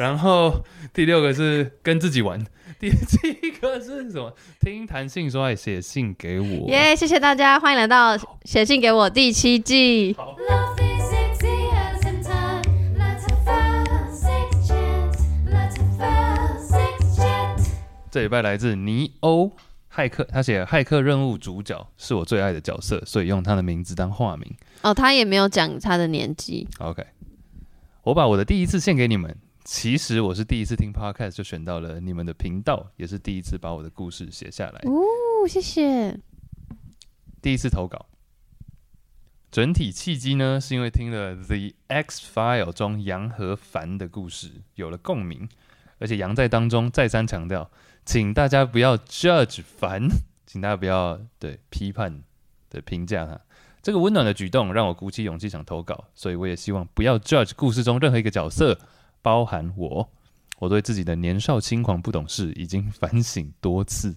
然後第六個是跟自己玩，第七個是什麼？聽談性說愛、哎，寫信給我。耶，yeah, 謝謝大家，歡迎來到寫信給我第七季。好好這禮拜來自尼歐駭客，他寫駭客任務主角是我最愛的角色，所以用他的名字當化名。哦，他也沒有講他的年紀。OK，我把我的第一次獻給你們。其實我是第一次聽 Podcast，就選到了你們的頻道，也是第一次把我的故事寫下來。哦，謝謝！第一次投稿。整體契機呢，是因為聽了《The EX file》中楊和凡的故事，有了共鳴。而且楊在當中再三強調，請大家不要 judge 凡，請大家不要對批判的評價他。這個溫暖的舉動讓我鼓起勇氣想投稿，所以我也希望不要 judge 故事中任何一個角色。包含我，我對自己的年少輕狂、不懂事已經反省多次。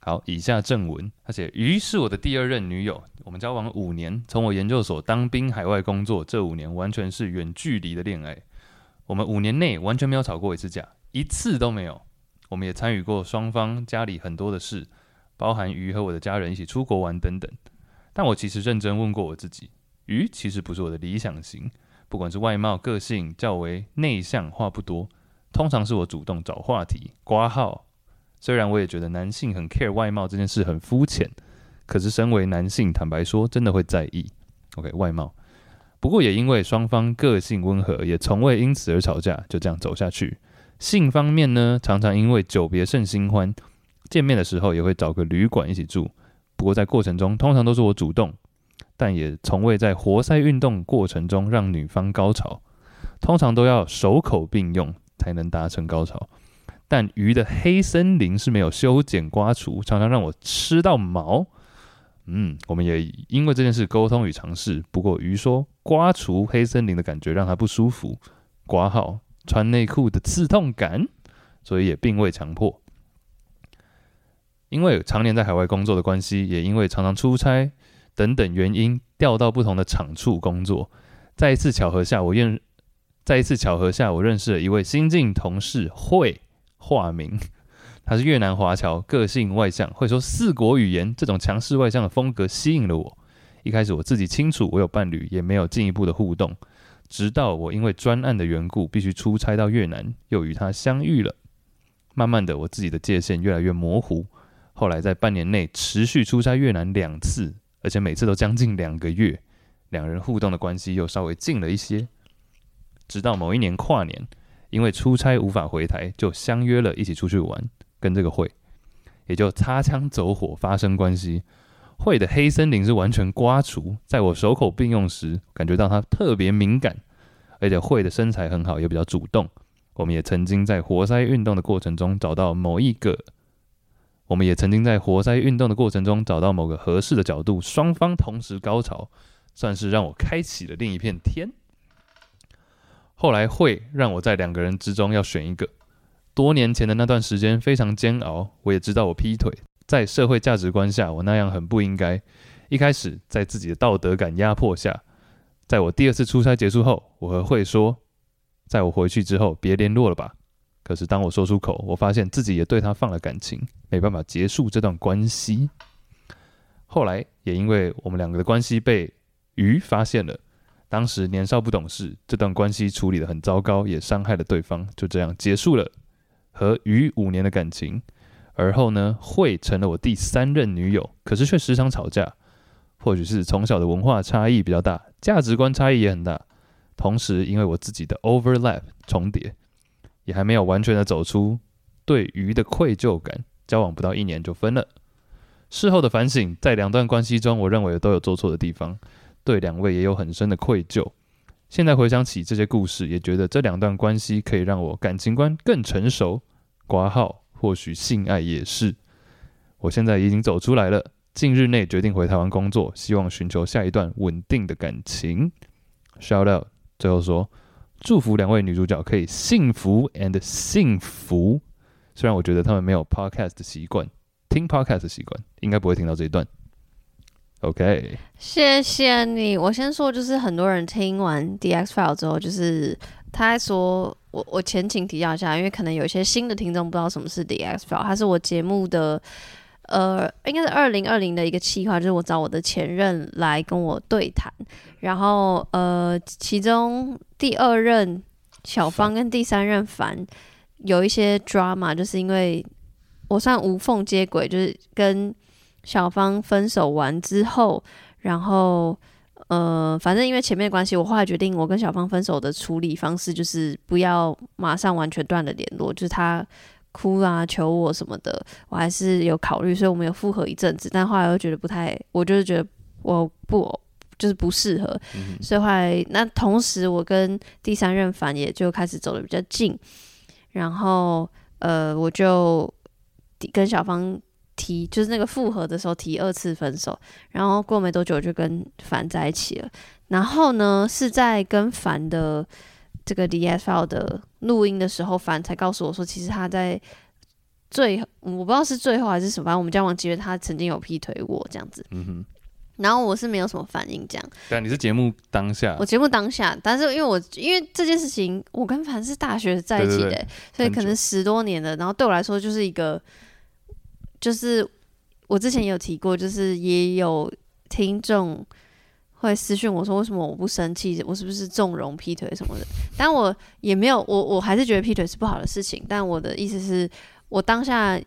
好，以下正文。他寫：“魚是我的第二任女友，我們交往五年。從我研究所當兵、海外工作，這五年，完全是遠距離的戀愛。我們五年內完全沒有吵過一次架，一次都沒有。我們也參與過雙方家裡很多的事，包含魚和我的家人一起出國玩等等。但我其實認真問過我自己，魚其實不是我的理想型。”不管是外貌、個性較為內向，話不多，通常是我主動找話題、括號。雖然我也覺得男性很 care 外貌這件事很膚淺，可是身為男性，坦白說真的會在意。OK，外貌。不過也因為雙方個性溫和，也從未因此而吵架，就這樣走下去。性方面呢，常常因為久別勝新歡，見面的時候也會找個旅館一起住。不過在過程中，通常都是我主動。但也從未在活塞運動過程中讓女方高潮，通常都要手口並用才能達成高潮。但魚的黑森林是沒有修剪刮除，常常讓我吃到毛。嗯，我們也因為這件事溝通與嘗試。不過魚說刮除黑森林的感覺讓他不舒服，刮後穿內褲的刺痛感，所以也並未強迫。因為常年在海外工作的關係，也因為常常出差。等等原因調到不同的場處工作。在一次巧合下，我認，在一次巧合下，我認識了一位新進同事，惠，化名，他是越南華僑，個性外向，會說四國語言。這種強勢外向的風格吸引了我。一開始我自己清楚我有伴侶，也沒有進一步的互動。直到我因為專案的緣故必須出差到越南，又與他相遇了。慢慢的，我自己的界限越來越模糊。後來在半年內持續出差越南兩次。而且每次都將近兩個月，兩人互動的關係又稍微近了一些。直到某一年跨年，因為出差無法回台，就相約了一起出去玩，跟這個會也就擦槍走火發生關係。會的黑森林是完全刮除，在我手口並用時，感覺到她特別敏感，而且會的身材很好，也比較主動。我們也曾經在活塞運動的過程中找到某一個。我們也曾經在活塞運動的過程中找到某個合適的角度，雙方同時高潮，算是讓我開啟了另一片天。後來慧讓我在兩個人之中要選一個，多年前的那段時間非常煎熬，我也知道我劈腿，在社會價值觀下我那樣很不應該。一開始在自己的道德感壓迫下，在我第二次出差結束後，我和慧說，在我回去之後別聯絡了吧。可是當我說出口，我發現自己也對他放了感情，沒辦法結束這段關係。後來也因為我們兩個的關係被魚發現了，當時年少不懂事，這段關係處理得很糟糕，也傷害了對方，就這樣結束了和魚五年的感情。而後呢，慧成了我第三任女友，可是卻時常吵架，或許是從小的文化差異比較大，價值觀差異也很大，同時因為我自己的 overlap 重疊。也還沒有完全的走出對魚的愧疚感，交往不到一年就分了。事後的反省，在兩段關係中，我認為都有做錯的地方，對兩位也有很深的愧疚。現在回想起這些故事，也覺得這兩段關係可以讓我感情觀更成熟。括號，或許性愛也是。我現在已經走出來了，近日內決定回台灣工作，希望尋求下一段穩定的感情。Shout out，最後說。祝福兩位女主角可以幸福 and 幸福。雖然我覺得他們沒有 podcast 的習慣，聽 podcast 的習慣，應該不會聽到這一段。OK，謝謝你。我先說，就是很多人聽完 the EX file 之後，就是他還說，我我前情提要一下，因為可能有些新的聽眾不知道什麼是 the EX file，他是我節目的。呃，應該是二零二零的一個計劃，就是我找我的前任來跟我對談，然後呃，其中第二任小芳跟第三任凡有一些 drama，就是因為我算無縫接軌，就是跟小芳分手完之後，然後呃，反正因為前面的關係，我後來決定我跟小芳分手的處理方式就是不要馬上完全斷了聯絡，就是他。哭啊，求我什麼的，我還是有考慮，所以，我們有復合一陣子，但後來又覺得不太，我就是覺得我不就是不適合，嗯、哼所以後來那同時，我跟第三任凡也就開始走得比較近，然後呃，我就跟小芳提，就是那個復合的時候提二次分手，然後過沒多久就跟凡在一起了，然後呢是在跟凡的。這個 the EX file 的錄音的時候，凡才告訴我說，其實他在最後，我不知道是最後還是什麼，反正我們交往，其實他曾經有劈腿過這樣子，嗯哼。然後我是沒有什麼反應，這樣。對啊，你是節目當下，我節目當下，但是因為我因為這件事情，我跟凡是大學在一起的，對對對，所以可能十多年了，然後對我來說就是一個，就是我之前也有提過，就是也有聽眾。會私訊我說，為什麼我不生氣？我是不是縱容劈腿什麼的？但我也沒有，我我還是覺得劈腿是不好的事情。但我的意思是，我當下，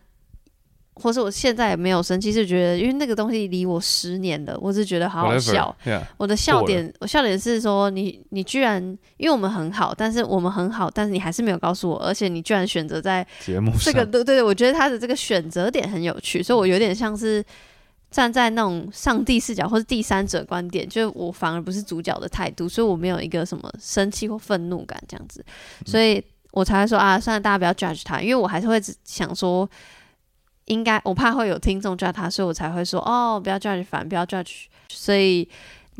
或是我現在也沒有生氣，是覺得因為那個東西離我十年了，我是覺得好好笑。Whatever. Yeah. 我的笑點，我笑點是說你你居然，因為我們很好，但是我們很好，但是你還是沒有告訴我，而且你居然選擇在節目上，這個對對對，我覺得他的這個選擇點很有趣，所以我有點像是。站在那種上帝視角或是第三者觀點，就我反而不是主角的態度，所以我沒有一個什麼生氣或憤怒感這樣子，嗯、所以我才會說啊，算了，大家不要 judge 他，因為我還是會想說應，應該我怕會有聽眾 judge 他，所以我才會說哦，不要 judge，反，不要 judge。所以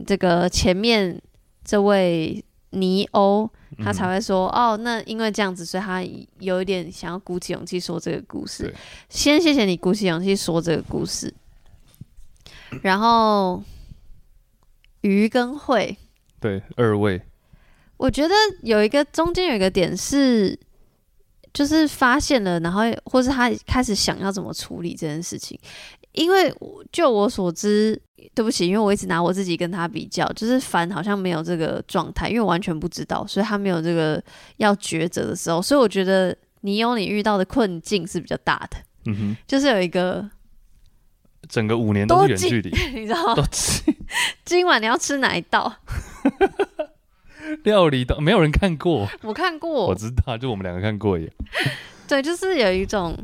這個前面這位尼歐他才會說、嗯、哦，那因為這樣子，所以他有一點想要鼓起勇氣說這個故事。對先謝謝你鼓起勇氣說這個故事。然後，魚跟慧，對，二位。我覺得有一個中間有一個點是，就是發現了，然後或是他開始想要怎麼處理這件事情。因為就我所知，對不起，因為我一直拿我自己跟他比較，就是凡好像沒有這個狀態，因為完全不知道，所以他沒有這個要抉擇的時候。所以我覺得你有你遇到的困境是比較大的，嗯哼，就是有一個。整個五年都是遠距離，你知道嗎？吃今晚你要吃哪一道？ 料理都沒有人看過。我看過，我知道，就我們兩個看過耶。對，就是有一種，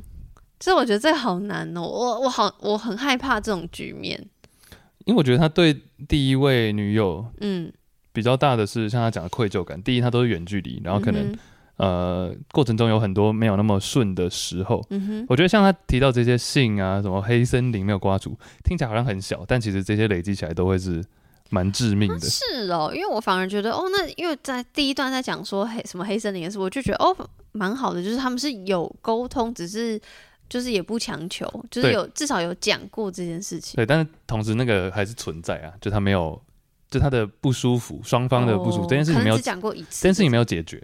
其實我覺得這好難哦，我我好我很害怕這種局面，因為我覺得他對第一位女友，嗯，比較大的是像他講的愧疚感。第一，他都是遠距離，然後可能、嗯。呃，過程中有很多沒有那麼順的時候。嗯哼，我覺得像他提到這些信啊，什麼黑森林沒有刮除，聽起來好像很小，但其實這些累積起來都會是蠻致命的。啊、是的哦，因為我反而覺得，哦，那因為在第一段在講說黑什麼黑森林的時候，我就覺得哦，蠻好的，就是他們是有溝通，只是就是也不強求，就是有對至少有講過這件事情。對，但是同時那個還是存在啊，就他沒有，就他的不舒服，雙方的不舒服，哦、這件事情沒有講過一次、就是，但是你沒有解決。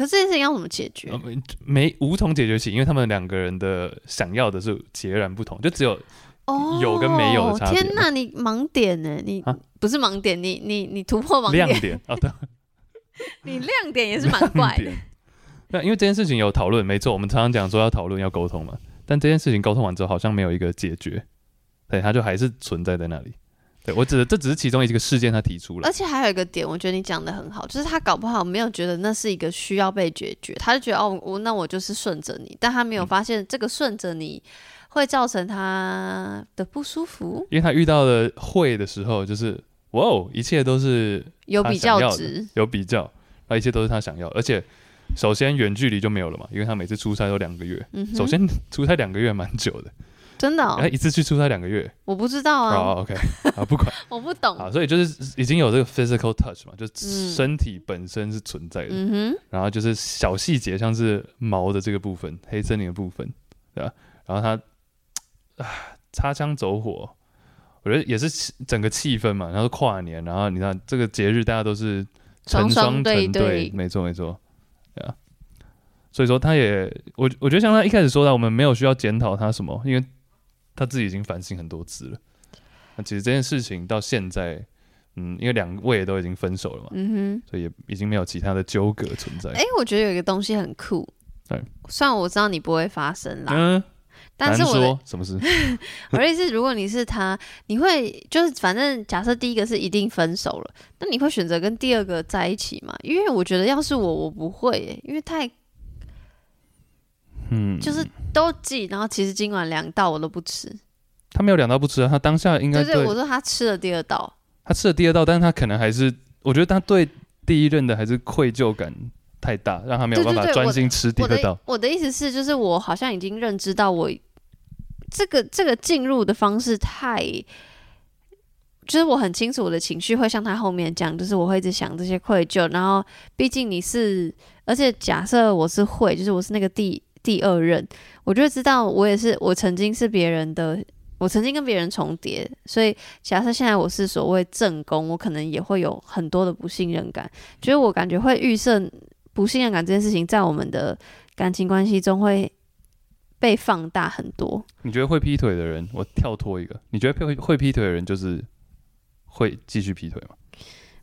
可是這件事情要怎麼解決？嗯、沒無從解決起，因為他們兩個人的想要的是截然不同，就只有有跟沒有的差別、哦。天哪，你盲點呢？你不是盲點，啊、你你你突破盲點。亮點，好的，哦、對 你亮點也是蠻怪的。那因為這件事情有討論，沒錯，我們常常講說要討論、要溝通嘛。但這件事情溝通完之後，好像沒有一個解決，對，他就還是存在在那裡。對，我指的這只是其中一個事件，他提出了，而且還有一個點，我覺得你講的很好，就是他搞不好沒有覺得那是一個需要被解決，他就覺得哦，我那我就是順着你，但他沒有發現這個順着你會造成他的不舒服，嗯、因為他遇到的會的時候，就是哇哦，一切都是有比較值，有比較，那一切都是他想要，而且首先遠距離就沒有了嘛，因為他每次出差都兩個月，嗯、哼首先出差兩個月蠻久的。真的哦？他一次去出差兩個月，我不知道啊。好，OK，啊，不管，我不懂啊。所以就是已經有這個 physical touch 嘛，就身體本身是存在的。嗯哼。然後就是小細節，像是毛的這個部分，黑森林的部分，對吧？然後他啊，擦槍走火，我覺得也是整個氣氛嘛。然後跨年，然後你看這個節日，大家都是成雙，雙雙，成雙對，對，對，沒錯沒錯，對啊。所以說他也，我我覺得像他一開始說的，我們沒有需要檢討他什麼，因為。他自己已經反省很多次了。那其實這件事情到現在，嗯，因為兩位也都已經分手了嘛，嗯、哼所以也已經沒有其他的糾葛存在。哎，我覺得有一個東西很酷，雖然、嗯、我知道你不會發生啦。嗯，但是我，說什麼事？我意思是，如果你是他，你會就是反正假設第一個是一定分手了， 那你會選擇跟第二個在一起嗎？因為我覺得要是我，我不會耶，因為太。嗯，就是都記，然後其實今晚兩道我都不吃。他沒有兩道不吃啊，他當下應該對對，對對，我說他吃了第二道，他吃了第二道，但是他可能還是，我覺得他對第一任的還是愧疚感太大，讓他沒有辦法專心吃第二道。對對對，我，我的，我的意思是，就是我好像已經認知到我這個這個進入的方式太，就是我很清楚我的情緒會像他後面講，就是我會一直想這些愧疚，然後畢竟你是，而且假設我是會，就是我是那個第。第二任，我就知道我也是，我曾經是別人的，我曾經跟別人重疊，所以假設現在我是所謂正宮，我可能也會有很多的不信任感，覺得我感覺會預設不信任感這件事情在我們的感情關係中會被放大很多。你覺得會劈腿的人，我跳脫一個，你覺得會會劈腿的人就是會繼續劈腿嗎？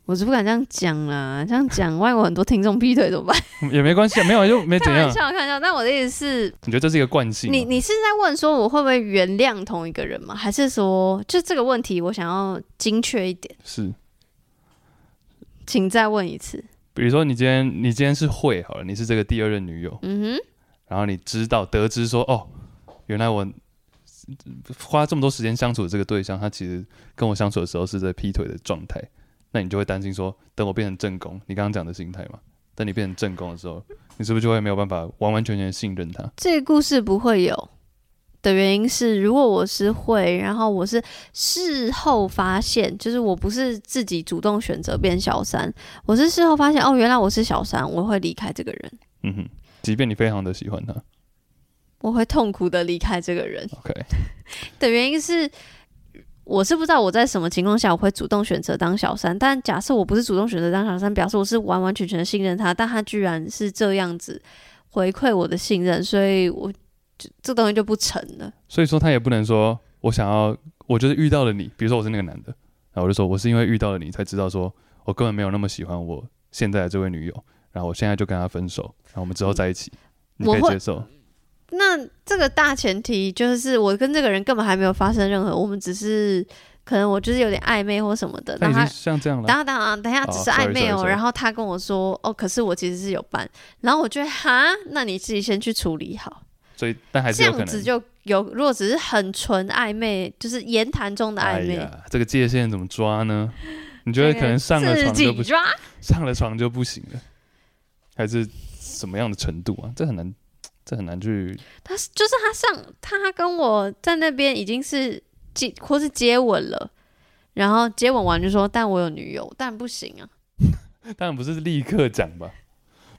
我是不敢這樣講啦，這樣講萬一我很多聽眾劈腿怎麼辦？ 也沒關係啊，沒有又沒怎樣。 開玩笑，開玩笑。但我的意思是，你覺得這是一個慣性？你你是在問說我會不會原諒同一個人嗎？還是說，就這個問題，我想要精確一點？是，請再問一次。比如說，你今天你今天是會好了，你是這個第二任女友，嗯哼，然後你知道得知說，哦，原來我花這麼多時間相處的這個對象，他其實跟我相處的時候是在劈腿的狀態。那你就會擔心說，等我變成正宮，你剛剛講的心態嘛。等你變成正宮的時候，你是不是就會沒有辦法完完全全的信任他？這個故事不會有的原因是，如果我是會，然後我是事後發現，就是我不是自己主動選擇變小三，我是事後發現哦，原來我是小三，我會離開這個人。嗯哼，即便你非常的喜歡他，我會痛苦的離開這個人。OK， 的原因是。我是不知道我在什麼情況下我會主動選擇當小三，但假設我不是主動選擇當小三，表示我是完完全全的信任他，但他居然是這樣子回饋我的信任，所以我就這東西就不成了。所以說他也不能說我想要，我就是遇到了你，比如說我是那個男的，然後我就說我是因為遇到了你才知道說我根本沒有那麼喜歡我現在的這位女友，然後我現在就跟他分手，然後我們之後在一起，嗯，你可以接受？那這個大前提就是，我跟這個人根本還沒有發生任何，我們只是可能我就是有點曖昧或什麼的。他已經像這樣了。等下等等下只是曖昧哦。Oh, sorry, sorry, sorry, 然後他跟我說，哦，可是我其實是有伴。然後我覺得，哈，那你自己先去處理好。所以，但還是這樣子就有，如果只是很純曖昧，就是言談中的曖昧，哎，這個界限怎麼抓呢？你覺得可能上了床就不 抓，上了床就不行了，還是什麼樣的程度啊？這很難。這很難去。他就是他上，他跟我在那邊已經是接，或是接吻了，然後接吻完就說：“但我有女友，但不行啊。”當然 不是立刻講吧？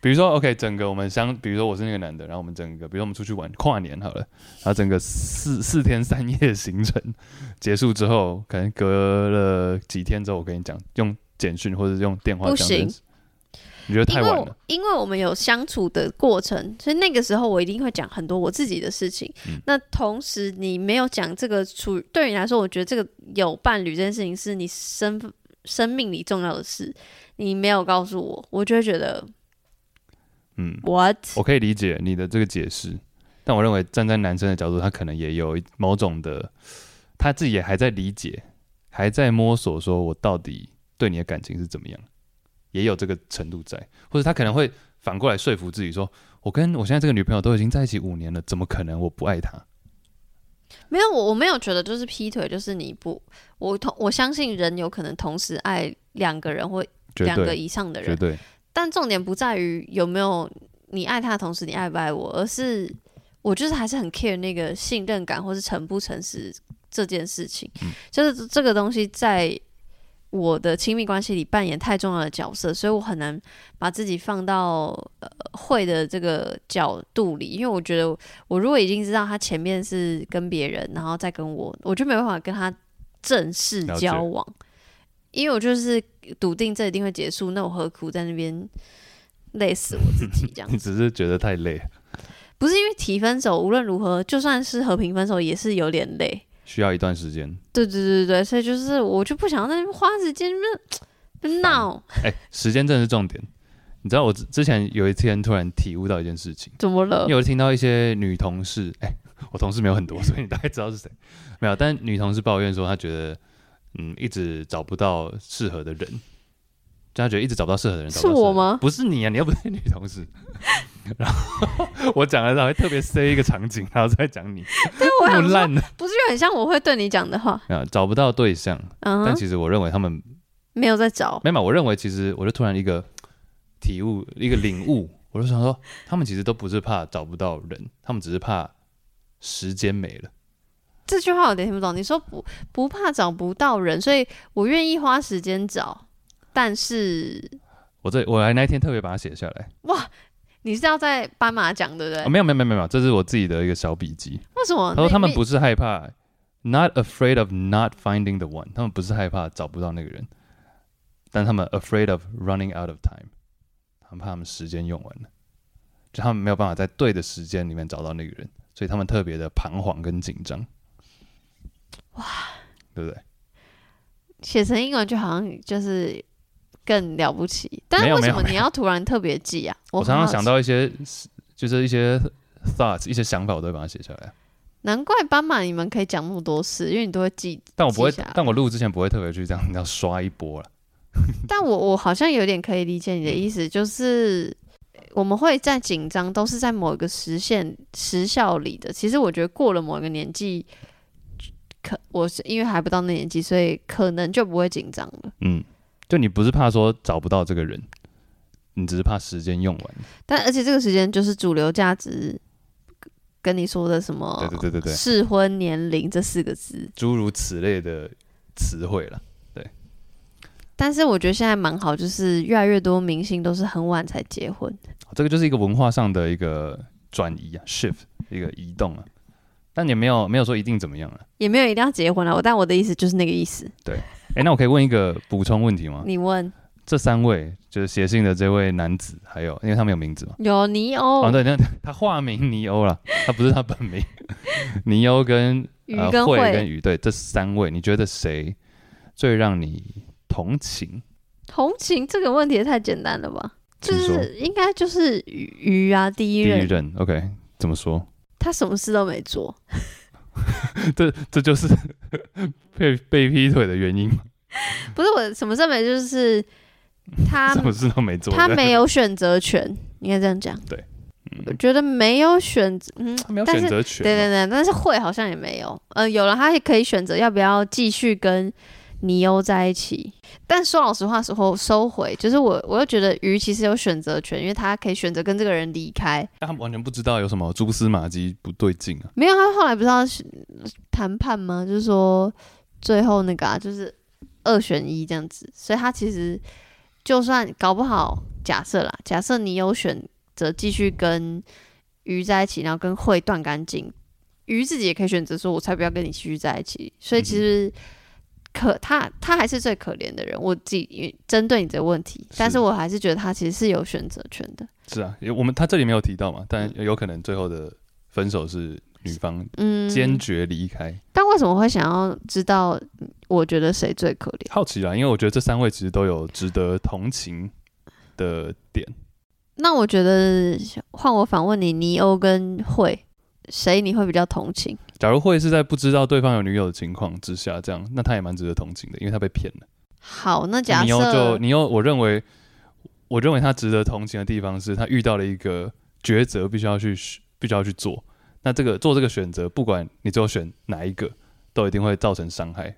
比如說，OK，整個我們相，比如說我是那個男的，然後我們整個，比如說我們出去玩跨年好了，然後整個四四天三夜行程結束之後，可能隔了幾天之後，我跟你講，用簡訊或者用電話講。你覺得太晚了因，因為我們有相處的過程，所以那個時候我一定會講很多我自己的事情。嗯、那同時你沒有講這個處，處對你來說，我覺得這個有伴侶這件事情是你生生命裡重要的事，你沒有告訴我，我就會覺得，嗯，what？我可以理解你的這個解釋，但我認為站在男生的角度，他可能也有某種的，他自己也還在理解，還在摸索，說我到底對你的感情是怎麼樣。也有這個程度在，或者他可能會反過來說服自己說，說我跟我現在這個女朋友都已經在一起五年了，怎麼可能我不愛她？沒有，我我沒有覺得就是劈腿，就是你不，我同我相信人有可能同時愛兩個人或兩個以上的人，但重點不在於有沒有你愛他的同時，你愛不愛我，而是我就是還是很 care 那個信任感或是誠不誠實這件事情，嗯、就是這個東西在。我的親密關係裡扮演太重要的角色，所以我很難把自己放到呃會的這個角度裡，因為我覺得我如果已經知道他前面是跟別人，然後再跟我，我就沒辦法跟他正式交往，了解。因為我就是篤定這一定會結束，那我何苦在那邊累死我自己？這樣子 你只是覺得太累，不是因為提分手，無論如何，就算是和平分手，也是有點累。需要一段時間。對對對對，所以就是我就不想再花時間，那鬧。哎、欸，時間真的是重點。你知道我之之前有一天突然體悟到一件事情，怎麼了？你有聽到一些女同事，哎、欸，我同事沒有很多， 所以你大概知道是誰。沒有，但女同事抱怨說她覺得，嗯，一直找不到適合的人，就她覺得一直找不到適合的人。是我嗎？不。不是你啊，你又不是女同事。 然後我講的時候會特別塞一個場景， 然後再講你，對，我很爛的，不是很像我會對你講的話。找不到對象、uh huh. 但其實我認為他們沒有在找，沒有。我認為其實我就突然一個體悟，一個領悟，我就想說，他們其實都不是怕找不到人，他們只是怕時間沒了。這句話有點聽不懂。你說不不怕找不到人，所以我願意花時間找，但是我在我來那一天特別把它寫下來，哇。你是要在斑馬講，對不對？哦、沒有沒有沒有沒有，這是我自己的一個小筆記。為什麼？他說他們不是害怕你，not afraid of not finding the one，他們不是害怕找不到那個人，但他們 afraid of running out of time，他們怕他們時間用完了，就他們沒有辦法在對的時間裡面找到那個人，所以他們特別的彷徨跟緊張。哇，對不對？寫成英文就好像就是。更了不起，但為什麼你要突然特別記啊？我，記我常常想到一些，就是一些 thoughts，一些想法，我都會把它寫下來。難怪斑馬你們可以講那麼多事，因為你都會記。但我不會，但我錄之前不會特別去這樣，你要刷一波了。但我我好像有點可以理解你的意思，就是我們會在緊張，都是在某一個時限時效裡的。其實我覺得過了某一個年紀，可我是因為還不到那年紀，所以可能就不會緊張了。嗯。就你不是怕說找不到這個人，你只是怕時間用完。但而且這個時間就是主流價值跟你說的什麼對對對對適婚年齡，這四個字，諸如此類的詞彙了。對，但是我覺得現在蠻好，就是越來越多明星都是很晚才結婚。哦，這個就是一個文化上的一個轉移啊，shift 一個移動啊。但也沒有沒有說一定怎麼樣了，也沒有一定要結婚了。我但我的意思就是那個意思。對，哎、欸，那我可以問一個補充問題嗎？ 你問。這三位就是寫信的這位男子，還有因為他沒有名字嘛？有尼歐。啊、哦，對，那他化名尼歐了，他不是他本名。 尼歐跟魚跟慧、呃、慧跟魚，對，這三位，你覺得誰最讓你同情？同情這個問題也太簡單了吧？就是說應該就是魚魚啊，第一任。第一任，OK，怎麼說？他什麼事都沒做 這，這這就是 被被劈腿的原因嗎？ 不是我什麼事沒，就是他什麼事都沒做，他沒有選擇權，應該 這樣講。對，我覺得沒有選擇，嗯，但是，沒有選擇權，對對對，但是會好像也沒有，嗯、呃，有了他也可以選擇要不要繼續跟。你又在一起，但說老實話的時候我收回，就是我，我又覺得魚其實有選擇權，因為他可以選擇跟這個人離開。他完全不知道有什麼蛛絲馬迹不對勁啊！沒有，他後來不知道是談判嗎？就是說最後那個、啊、就是二選一這樣子，所以他其實就算搞不好假設啦，假設你有選擇繼續跟魚在一起，然後跟會斷乾淨，魚自己也可以選擇說，我才不要跟你繼續在一起。所以其實、嗯。可他他還是最可憐的人，我自己針對你的問題，但是我還是覺得他其實是有選擇權的。是啊，我們他這裡沒有提到嘛，但有可能最後的分手是女方堅決離開。嗯。但為什麼會想要知道，我覺得誰最可憐？好奇啦，因為我覺得這三位其實都有值得同情的點。那我覺得換我反問你，尼歐跟慧，誰你會比較同情？假如會是在不知道對方有女友的情況之下，這樣那他也蠻值得同情的，因為他被騙了。好，那假設那你又就，你又我認為，我認為他值得同情的地方是他遇到了一個抉擇，必須要去必須要去做。那這個做這個選擇，不管你最後選哪一個，都一定會造成傷害，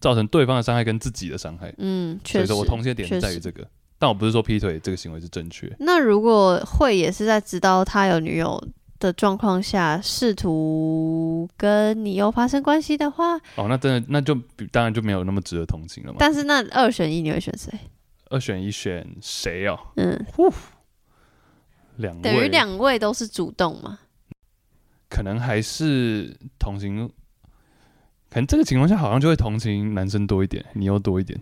造成對方的傷害跟自己的傷害。嗯，確實。所以說我同情的點在於這個，確實。但我不是說劈腿這個行為是正確。那如果會也是在知道他有女友。的狀況下試圖跟你又發生關係的話，哦，那真的那就當然就沒有那麼值得同情了嘛。但是那二選一你會選誰？二選一選誰哦？嗯，呼，兩等於兩位都是主動嘛？可能還是同情，可能這個情況下好像就會同情男生多一點，你又多一點。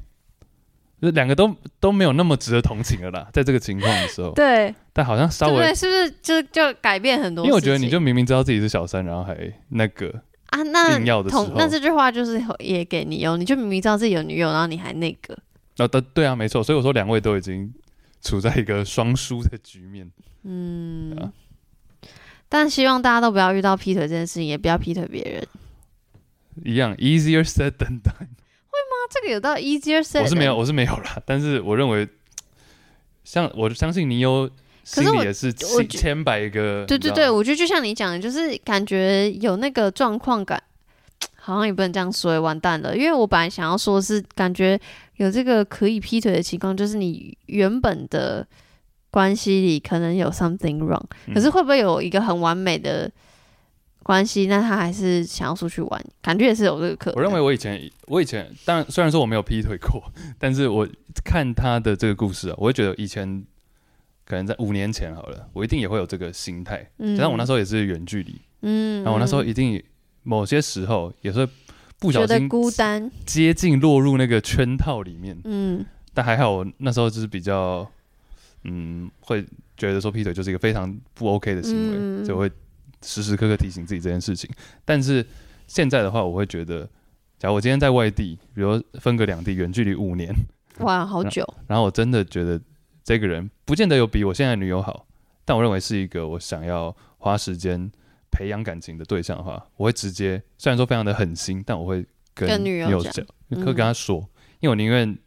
就是兩個都都沒有那麼值得同情了啦，在這個情況的時候。 對。但好像稍微……對，對，是不是就就改變很多？因為我覺得你就明明知道自己是小三，然後還那個啊，那那這句話就是也給你哦，你就明明知道自己有女友，然後你還那個。那對、哦、對啊，沒錯。所以我說，兩位都已經處在一個雙輸的局面。嗯。啊、但希望大家都不要遇到劈腿這件事情，也不要劈腿別人。一樣，easier said than done。這個有道 easier say，我是沒有，我是沒有啦。但是我認為，像我相信你有心裡，可是也是千百個，對，對對對，我覺得就像你講的，就是感覺有那個狀況感，好像也不能這樣說，完蛋了。因為我本來想要說的是感覺有這個可以劈腿的情況，就是你原本的關係裡可能有 something wrong，、嗯、可是會不會有一個很完美的？關係，那他還是想要出去玩，感覺也是有這個可能。我認為我以前，我以前，當然雖然說我沒有劈腿過，但是我看他的這個故事啊，我會覺得以前可能在五年前好了，我一定也會有這個心態。嗯，像我那時候也是遠距離，嗯，嗯然後我那時候一定某些時候也是不小心孤單接近落入那個圈套裡面，嗯，但還好我那時候就是比較，嗯，會覺得說劈腿就是一個非常不 OK 的行為，就、嗯、會。時時刻刻提醒自己這件事情，但是現在的話，我會覺得，假如我今天在外地，比如分隔兩地，遠距離五年，哇，好久、嗯。然後我真的覺得這個人不見得有比我現在的女友好，但我認為是一個我想要花時間培養感情的對象的話，我會直接，雖然說非常的狠心，但我會跟，跟女友講，會跟她說，嗯、因為我寧願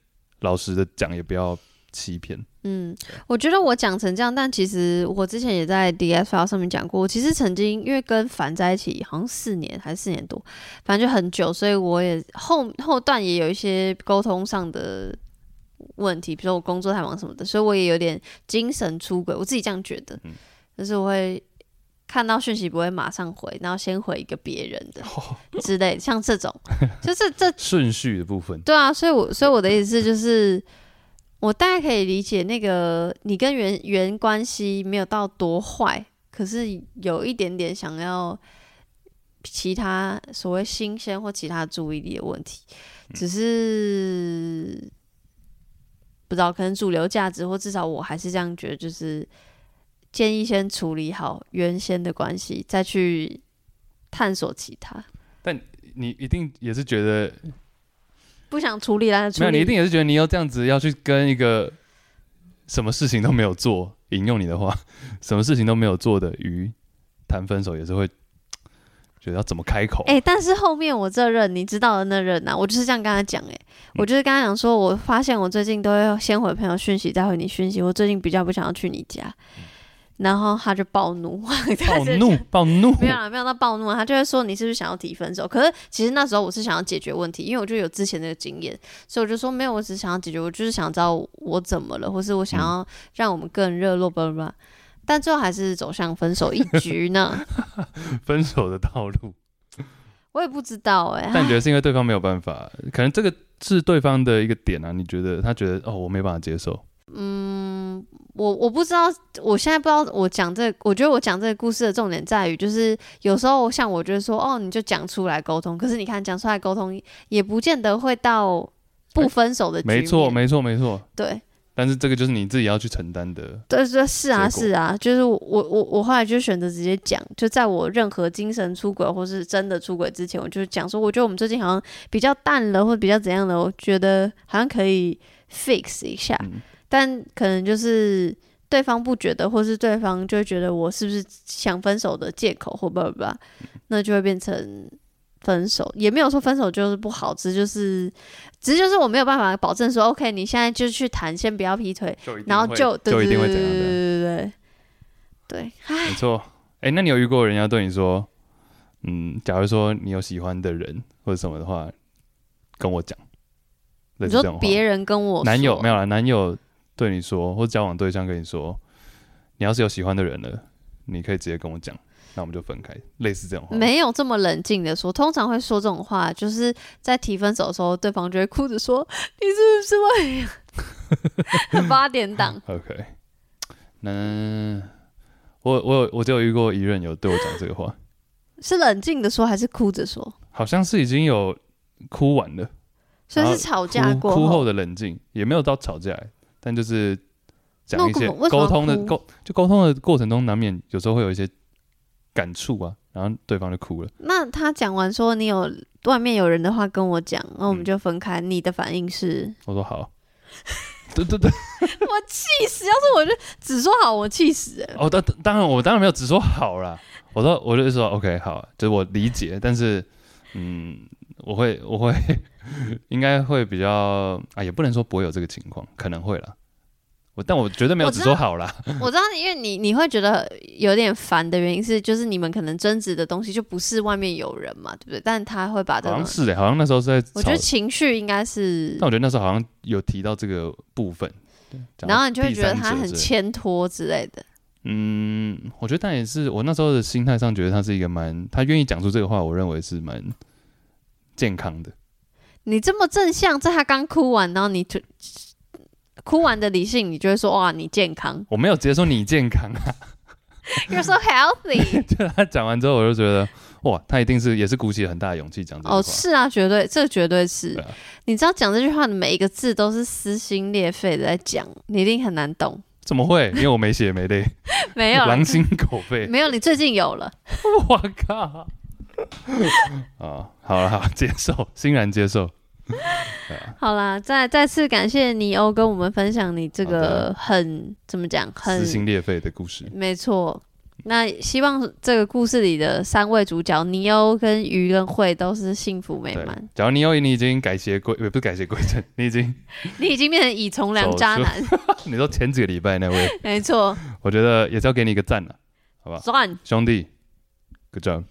老實的講，也不要欺騙。嗯，我覺得我講成這樣，但其實我之前也在 the EX file 上面講過。其實曾經因為跟凡在一起，好像四年還是四年多，反正就很久，所以我也後後段也有一些溝通上的問題，比如說我工作太忙什麼的，所以我也有點精神出軌。我自己這樣覺得，嗯、就是我會看到訊息不會馬上回，然後先回一個別人的、哦、之類的，像這種，就是這順 序的部分。對啊，所以我，我所以我的意思就是。我大概可以理解，那個你跟原原關係沒有到多壞，可是有一點點想要其他所謂新鮮或其他注意力的問題，只是不知道可能主流價值，或至少我還是這樣覺得，就是建議先處理好原先的關係，再去探索其他。但你一定也是覺得。不想處理了，沒有，你一定也是覺得你要這樣子要去跟一個什麼事情都沒有做，引用你的話，什麼事情都沒有做的魚談分手也是會覺得要怎麼開口？誒、欸？但是後面我這任你知道的那任吶、啊，我就是這樣跟他講，誒。我就是跟他講說，我發現我最近都會先回朋友訊息，再回你訊息，我最近比較不想要去你家。嗯然後他就暴怒，暴怒，暴怒！沒有啦，沒有他暴怒，他就會說你是不是想要提分手？可是其實那時候我是想要解決問題，因為我就有之前的經驗，所以我就說，沒有，我只是想要解決，我就是想知道我怎麼了，或是我想要讓我們更熱絡吧，巴、嗯、但最後還是走向分手一局呢？ 分手的道路，我也不知道哎、欸。但你覺得是因為對方沒有辦法？唉可能這個是對方的一個點啊？你覺得他覺得哦，我沒辦法接受？嗯。我我不知道，我現在不知道。我講這個，我覺得我講這個故事的重點在於，就是有時候像我覺得說，哦，你就講出來溝通。可是你看，講出來溝通也不見得會到不分手的，欸。沒錯，沒錯，沒錯。對。但是這個就是你自己要去承擔的。對是啊是啊，就是我我我後來就選擇直接講，就在我任何精神出軌或是真的出軌之前，我就講說，我覺得我們最近好像比較淡了，或者比較怎樣的，我覺得好像可以 fix 一下。嗯但可能就是對方不覺得，或是對方就會覺得我是不是想分手的借口或不不，那就會變成分手。也沒有說分手就是不好，只是就是，只是就是我沒有辦法保證說，OK，你現在就去談，先不要劈腿，然後就對就一定會怎樣對對對對對，對，沒錯。哎、欸，那你有遇過人家對你說，嗯，假如說你有喜歡的人或者什麼的話，跟我講。你說別人跟我說男友沒有了，男友。對你說，或交往對象跟你說，你要是有喜歡的人了，你可以直接跟我講，那我們就分開。類似這種話，沒有這麼冷靜的說。通常會說這種話，就是在提分手的時候，對方就會哭着說：“你是不是 八點檔 ，OK。嗯，我我有，我就有遇過一任，有對我講這個話，是冷靜的說，還是哭着說？好像是已經有哭完了，算是吵架過哭，哭後的冷靜，也沒有到吵架。但就是講一些溝通的溝，就溝通的過程中難免有時候會有一些感觸啊，然後對方就哭了。那他講完說你有外面有人的話跟我講，然後我們就分開。你的反應是？嗯，我說好。對對對，我氣死！要是我就只說好，我氣死。哦，當當然我當然沒有只說好啦，我說我就是說 OK 好，就是我理解，但是嗯。我會，我會，應該會比較啊，也不能說不會有這個情況，可能會了。我但我絕對沒有只說好了。我知道，因為你你會覺得有點煩的原因是，就是你們可能爭執的東西就不是外面有人嘛，對不對？但他會把這個是的好像那時候是在。我覺得情緒應該是，但我覺得那時候好像有提到這個部分，對然後你就會覺得他很牽拖之類的。嗯，我覺得但也是，我那時候的心態上覺得他是一個蠻，他願意講出這個話，我認為是蠻。健康的，你這麼正向，在他剛哭完，然後你就哭完的理性，你就會說哇，你健康。我沒有直接說你健康啊。You're so healthy。對，他講完之後，我就覺得哇，他一定是也是鼓起了很大的勇氣講的。哦，是啊，絕對，這個、絕對是。對啊、你知道講這句話的每一個字都是撕心裂肺的在講，你一定很難懂。怎麼會？因為我沒血，沒淚。沒有了。狼心狗肺。沒有，你最近有了。哇靠。好了、 哦，好啦，好，接受，欣然接受。 啊、好啦，再再次感謝尼歐跟我們分享你這個很的怎麼講，很撕心裂肺的故事。沒錯，那希望這個故事裡的三位主角尼歐跟於恩慧都是幸福美滿。假如尼歐你已經改邪歸，不是改邪歸正，你已經 你已經變成已從良渣男。 你說前幾個禮拜那位 沒錯錯，我覺得也就要給你一個讚了，好吧？算，兄弟，Good job。